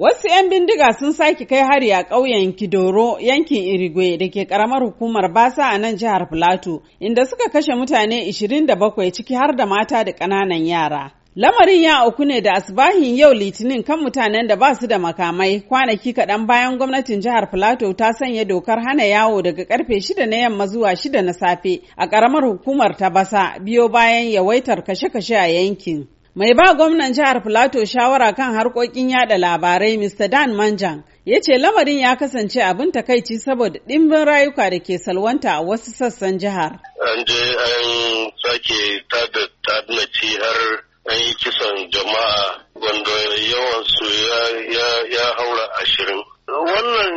Wasu 'yan bindiga sun sake kai hari a ƙauyen Kidoro yankin Irigwe da ke ƙaramar hukumar Basa a nan jihar Filato, inda suka kashe mutane 27 ciki har da mata da ƙananan yara. Lamarin ya auku ne da asibahin yau litinin kan mutanen da ba su da makamai kwanaki kaɗan bayan gwamnatin jihar Filato ta sanya dokar hana yawo daga karfe shida na yamma zuwa shida na safe a ƙaramar hukumar ta Basa biyo bayan yawaitar kashe-kashe a yankin. Mai ba gwamnan jihar Filato shawara kan harkokin yada labarai Mr. Dan Manjan ya ce lamarin ya kasance abin takaici saboda ɗimbin rayuka da ke salwanta a wasu sassan jihar. An je an sake tada tadnaci har an yi kisan jama'a wanda yawansu ya haura ashirin. Wannan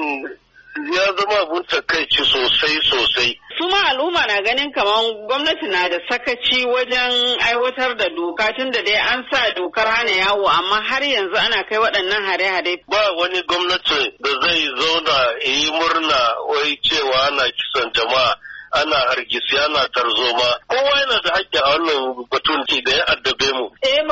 ya zama abin takaici sosai sosai. kuma al'umma na ganin kamar gwamnati na da sakaci wajen aiwatar da doka tun da dai an sa dokar hana yawo amma har yanzu ana kai waɗannan hare-hare. Ba wani gwamnati da zai zauna yi murna wai cewa ana kisan jama'a ana hargisi ana tarzoma kowa yana da haƙƙi a wannan batun da ya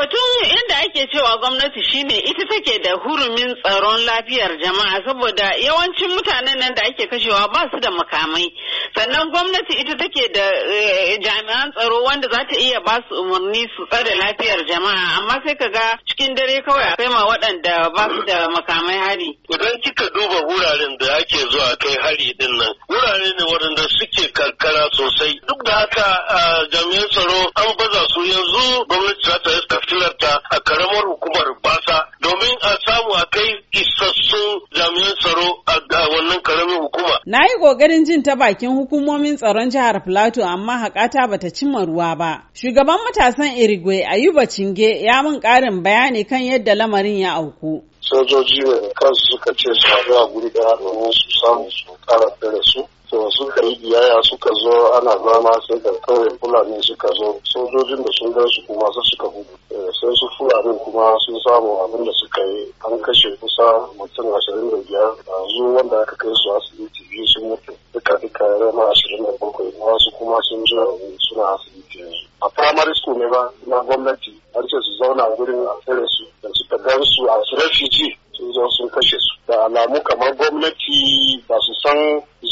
Batun inda ake cewa gwamnati shine ita take da hurumin tsaron lafiyar jama'a saboda yawancin mutanen nan da ake kashewa ba su da makamai. Sannan gwamnati ita take da eh, jami'an tsaro wanda za ta iya ba su umarni su tsare lafiyar jama'a amma sai ka ga cikin dare kawai akwai ma waɗanda ba su da makamai hari. Idan kika duba wuraren da ake zuwa kai hari din nan wurare ne waɗanda suke karkara sosai duk da haka ah, jami'an tsaro hukuma. Na yi ƙoƙarin jin ta bakin hukumomin tsaron jihar Plateau amma haƙata ba bata cimma ruwa ba. Shugaban matasan Irigwe Ayuba Cinge ya mun ƙarin bayani kan yadda lamarin ya auku. Sojoji ne kansu suka ce su a guri ɗaya domin su samu su ƙara fere su. to suka yi biyaya suka zo ana zama sai da kawai fulani suka zo sojojin da sun gansu kuma su suka gudu eh, sai su fulani kuma sun samu abin da suka yi an kashe kusa mutum ashirin da biyar zo wanda aka kai su asibiti biyu sun mutu duka duka rana ashirin da bakwai wasu kuma sun ji suna asibiti yanzu a primary school ne ba na gwamnati an ce su zauna gurin a tsare su da suka a su a refugee sun zo sun kashe su da alamu kamar gwamnati ba su san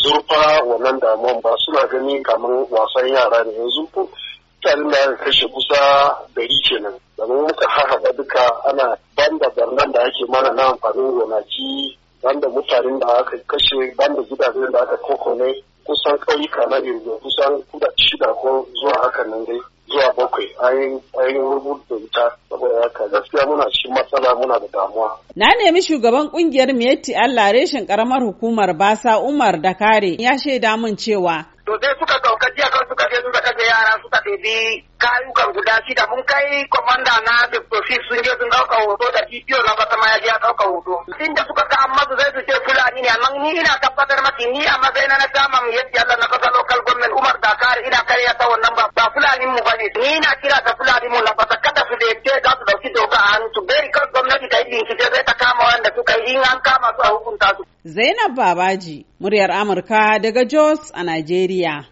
zurfa wannan damuwan ba suna gani kamar wasan yara ne yanzu mutanen da kashe kusa dari kenan domin muka harhaɗa duka ana banda barnan da ake mana na amfanin gonaki banda mutanen da aka kashe banda gidajen da aka ne kusan ƙauyuka na irgo kusan kuda shida ko zuwa haka nan dai zuwa bakwai ayin wuta. saboda haka gaskiya muna cikin matsala muna da damuwa. Na nemi shugaban kungiyar Mieti Allah reshen karamar hukumar Basa Umar da kare ya shaida mun cewa. To sai suka ɗauka jiya kan suka je suka kaje yara suka ɗebi kayukan guda shida mun kai komanda na Dr. sun je sun ɗauka hoto da bidiyo na ma ya je ya ɗauka hoto. Inda suka ga amma su zai su ce Fulani ne amma ni ina tabbatar maki ni a matsayin na dama Miyetti Allah na kasa lokal government Umar Kare ina kare ya ta wannan ba Fulani mu ne ni na ce kai in an kama su a hukunta su. Zainab Babaji, muryar Amurka daga Jos a Najeriya.